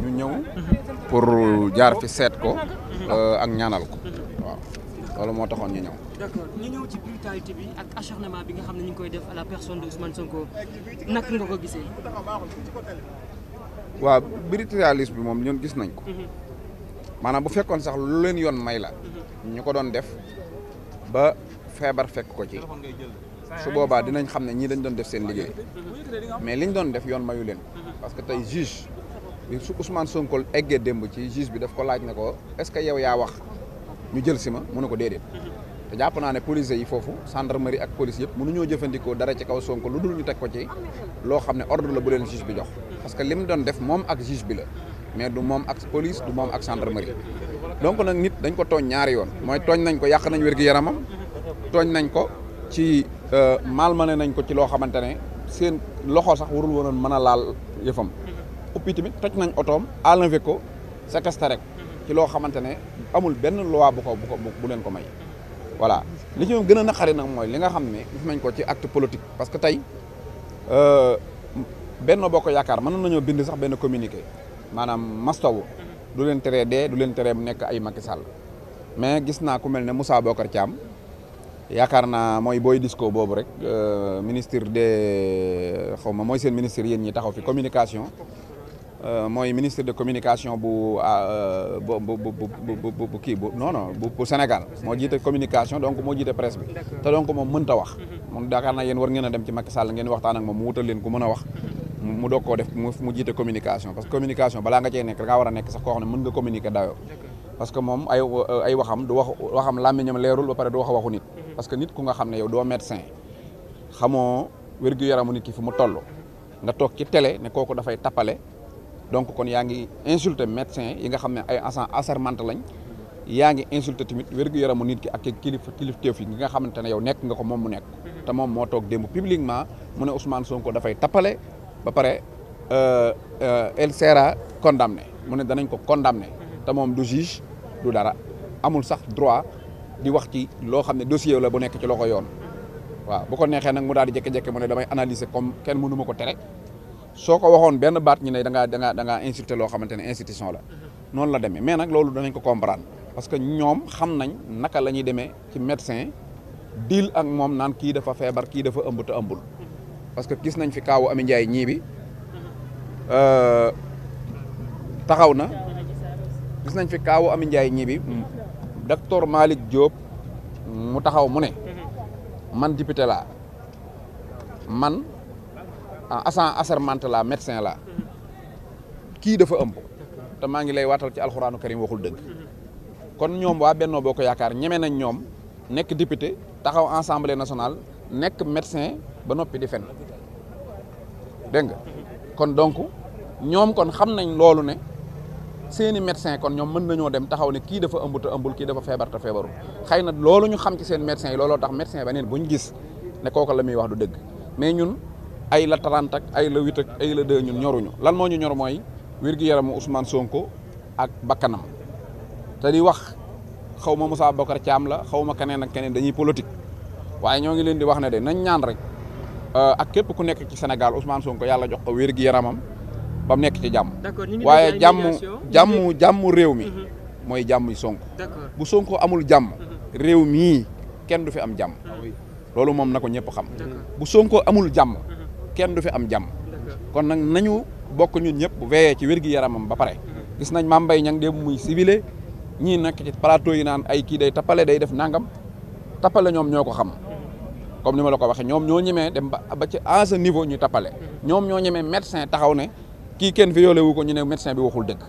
ñu ñëw pour jaar fi seet ko euh, ak ñaanal ko waaw loolu moo taxoon ñu ñëw ñu ñëw ci brutalité bi ak acharnement bi nga xam ne ñu koy def à la personne de Ousmane Sonko nak nga ko gisee waaw brutalisme bi moom ñun gis nañ ko mhm. maanaam bu fekkoon sax lu leen yoon may la mhm. ñu ko doon def ba feebar fekk ko ci su boobaa dinañ xam ne ñii dañ doon def seen liggéey mhm. mais liñ doon def yoon mayu leen parce que tey juge su Ousmane Sonko eggee démb ci juge bi def ko laaj ne ko est-ce que yow yaa wax ñu jël si ma mu ko déedéet te jàpp naa ne policiers yi foofu gendarmerie ak police yëpp mënuñoo jëfandikoo dara ci kaw Sonko lu dul ñu teg ko ci loo xam ne ordre la bu leen juge bi jox parce que li mu doon def moom ak juge bi la mais du moom ak police du moom ak gendarmerie donc nag nit dañ ko tooñ ñaari yoon mooy tooñ nañ ko yàq nañ wér-gu-yaramam tooñ nañ ko ci euh, malmené nañ ko ci loo xamante ne seen loxo sax warul mën a laal yëfam uppi tamit toj nañ otoom àllanve ko séquestré rek ci loo xamante ne amul benn loi bu ko bu bu leen ko may voilà li ci gën a naqari nag mooy li nga xam ne gis nañ ko ci acte politique parce que tey euh, benn boo ko yaakaar mën nañoo bind sax benn communiqué maanaam mastawu mhm. du leen teree dee du leen teree nekk ay Macky mais gis naa ku mel ne Moussa Bokar Thiam yaakaar na mooy booy disco boobu rek euh, ministre des xaw ma mooy seen ministre yéen ñi taxaw fi communication Euh, mooy ministre de communication euh, bu bu bu bu kii bu non non Sénégal moo jiite communication donc moo jiite presse bi te donc moom mënta wax mhm. moom daakaar naa yéen war ngeen a dem ci Macky Sall ngeen waxtaanak ak moom mu wutal leen ku mën a wax mhm. mu doog def mu jiite communication parce que communication bala nga cee nekk da ngaa war a nekk sax koo xam ne mën nga communiquer dayoo parce que moom ay ay waxam du wax waxam pare du wax waxu nit mhm. parce que nit ku nga xam ne yow doo médecin xamoo wér-gu-yaramu nit ki fu mu toll nga toog ci télé ne kooku dafay tappale donc kon yaa ngi insulté médecin yi nga xam ne ay agent assermenté lañ yaa ngi insulté tamit wér-gu-yaramu nit ki ak kilifa kilifteef yi nga xamante ne yow nekk nga ko moom mu nekk te moom moo toog démb publiquement mu ne Ousmane ko dafay tappale ba pare euh, euh, elle sera condamnée mu ne danañ ko condamné te moom du juge du dara amul sax droit di wax ci loo xam ne dossier la bu nekk ci ko yoon waaw bu ko neexee nag mu daal di jékki-jékki mu ne damay analyser comme kenn mënu ma ko tere soo ko waxoon benn baat ñu ne da ngaa da ngaa loo xamante ne institution la noonu la deme mais nag loolu nañ ko comprendre parce que ñoom xam nañ naka la ñuy demee ci médecin diil ak moom naan kii dafa feebar kii dafa ëmb te ëmbul parce que gis nañ fi kaawu Ami Ndiaye ñii bi euh, taxaw na gis nañ fi kaawu Ami Ndiaye ñii bi docteur Malick mu taxaw mu ne man député laa man assent assermenté la médecin laa kii dafa ëmb te maa ngi lay waatal ci alxuraanu karim waxul dëgg kon ñoom waa Benno Bokk Yaakaar ñeme nañ ñoom nekk député taxaw assemblée nationale nekk médecin ba noppi di fen dégg nga kon donc ñoom kon xam nañ loolu ne seeni médecin kon ñoom mën nañoo dem taxaw ne kii dafa ëmb te ëmbul kii dafa feebar te feebarul xëy na loolu ñu xam ci seen médecin yi looloo tax médecin beneen bu ñu gis ne la muy wax du dëgg ay la 30 ak ay la 8 ay la 2 ñoruñu lan moo ñu ñor mooy wér yaram mu Ousmane Sonko ak bakkanam te wax xaw ma Moussa Bokar Thiam la xaw ma keneen ak keneen dañuy politique waaye ñoo ngi leen di wax ne de nañ ñaan rek euh, ak képp ku nekk ci Sénégal Ousmane Sonko yàlla jox ko wér-gu-yaramam ba mu nekk ci jàmm. waaye jàmm jàmm jàmm réew mi. Mhm. mooy jàmm Sonko. bu Sonko amul jàmm. Mhm. réew mii kenn du fi am jàmm. Ah loolu moom na ko ñëpp xam. bu Sonko amul jàmm. kenn du fi am jàmm kon nag nañu bokk ñun ñëpp veillé ci wér-gi-yaramam ba pare gis nañ Mame Mbaye Niang dem muy civilé ñii nekk ci plateau yi naan ay kii day tappale day def nangam tappale ñoom ñoo ko xam comme ni ma la ko waxee ñoom ñoo ñemee dem ba ba ci à ce niveau ñu tappale ñoom ñoo ñemee médecin taxaw ne kii kenn fi yoole wu ko ñu ne médecin bi waxul dëgg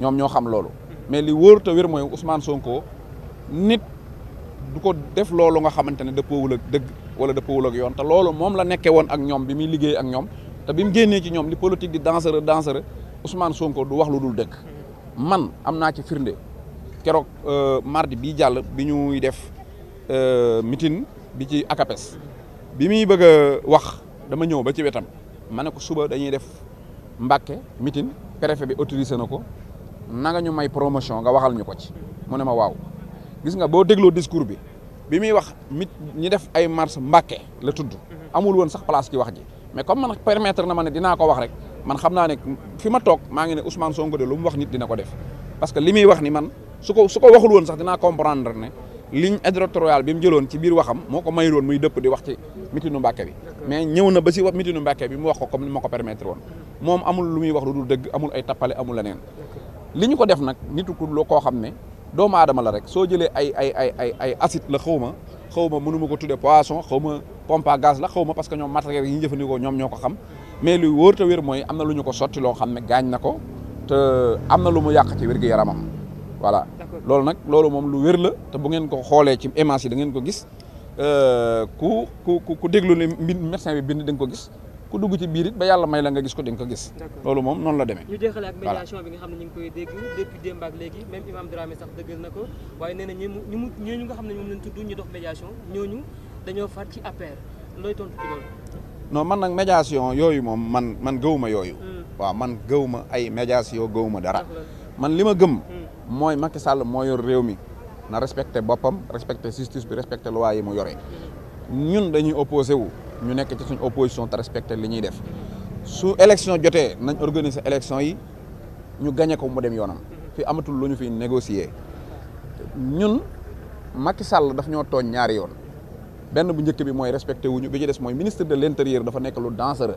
ñoom ñoo xam loolu mais li wóor te wér mooy Ousmane Sonko nit du ko def loolu nga xamante ne dëppoowul ak dëgg wala dëppawul ak yoon te loolu moom la nekkee woon ak ñoom bi muy liggéey ak ñoom te bi mu génnee ci ñoom li politique di dangereux dangereux Ousmane Sonko du wax lu dul dëkk man am naa ci firnde keroog euh, mardi bi jàll bi ñuy def euh, meeting bi ci ACAPES bi muy bëgg wax dama ñëw ba ci wetam ma ne ko suba dañuy def Mbàkke meeting préfet bi autorisé na ko nanga ñu may promotion nga waxal ñu ko ci mu ne ma waaw gis nga boo dégloo discours bi bi muy wax mit ñi def ay marche Mbàkke la tudd mhm. amul woon sax place ci wax ji mais comme man permettre na ma ne dinaa ko wax rek man xam naa ne fi ma toog maa ngi ne Ousmane Sonko de lu mu wax nit dina ko def parce que li muy wax ni man su ko su ko waxul woon sax dinaa comprendre ne ligne éditoriale bi mu jëloon ci biir waxam moo ko mayul woon muy dëpp di wax ci mitinu Mbàkke bi mais ñëw na ba si mitinu Mbàkke bi mu wax ko comme ni ma ko permettre woon moom amul lu muy wax lu dul dëgg amul ay tappale amul leneen li ñu ko def nag nitu ko koo xam ne doomu aadama la rek soo jëlee ay ay ay ay la xaw ma xaw ma ko tuddee poisson xaw ma pompe à la xaw ma parce que ñoom matériel yi ñu ñoom ñoo ko xam mais luy wóor te wér mooy am na lu ñu ko sotti loo xam ne gaañ na ko te am na lu mu yàq ci wér-gu-yaramam voilà loolu nag loolu moom lu wér la te bu ngeen ko xoolee ci image yi da ngeen ko gis euh, ku ku ku déglu ne mbir médecin bi bind da ko gis ku dugg ci biir it ba yàlla may la nga gis ko di nga ko gis. loolu moom noonu la demee. ñu jeexale ak médiation bi nga xam ne ñu ngi koy dégg depuis démb ak léegi même Imam Dramé sax dëggal na ko waaye nee na ñi mu ñooñu nga xam ne moom lañ tudd ñu dox médiation ñooñu dañoo far ci APR looy tontu ci loolu. non man nag médiation yooyu moom man man gëwuma yooyu. Hmm. waaw man gëwuma ay médiation gëwuma dara. man li ma gëm. Hmm. mooy Macky Sall moo yor réew mi na respecté boppam respecté justice bi respecté loi yi mu yore hmm. ñun dañuy opposé wu ñu nekk ci suñ opposition te respecté li ñuy def su élection jotee nañ organiser élection yi ñu gañe ko mu dem yoonam fi amatul lu ñu fi négocier ñun Macky sàll daf ñoo tooñ ñaari yoon benn bu njëkk bi mooy respecté wuñu bi ci des mooy ministre de l'intérieur dafa nekk lu re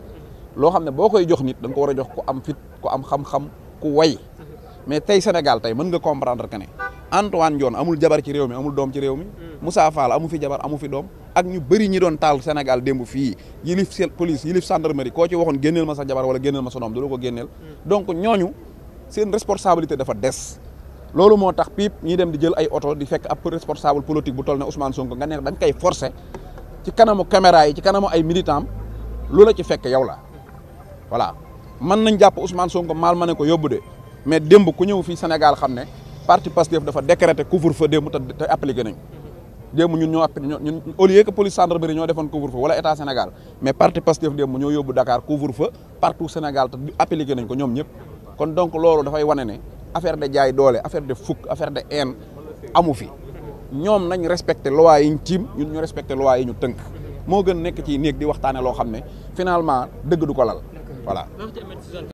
loo xam ne boo koy jox nit da nga ko war a jox ku am fit ku am xam-xam ku way mais tey Sénégal tey mën nga comprendre que ne Antoine Diome amul jabar ci réew mi amul doom ci réew mi mm. Moussa Fall amu fi jabar amu fi doom ak ñu bëri ñi doon taal Sénégal démb fii yilif police yilif gendarmerie koo ci waxoon génneel ma sa jabar wala génneel ma sa doom du la ko génneel mm. donc ñooñu seen dafa des loolu moo tax piip ñi dem di jël ay oto di fekk ab responsable politique bu toll ne Ousmane Sonko nga neex da nga koy ci kanamu caméra yi ci kanamu ay militant loolu la ci fekk yow la voilà mën nañ jàpp Ousmane Sonko maal ma ne ko yóbbu de mais démb ku ñëw fii Sénégal xam ne parti Pastef dafa décréter couvre-feu démb te te appliqué nañ démb ñun ñoo ñun au lieu que police gendarmerie ñoo defoon couvre-feu wala état Sénégal mais parti Pastef démb ñoo yóbbu Dakar couvre-feu partout Sénégal te appliqué nañ ko ñoom ñëpp kon donc loolu dafay wane ne affaire de jaay doole affaire de fukk affaire de haine amu fi ñoom nañ respecté loi yi ñu tiim ñun ñu respecté loi yi ñu tënk moo gën nekk ci néeg di waxtaane loo xam ne finalement dëgg ko lal voilà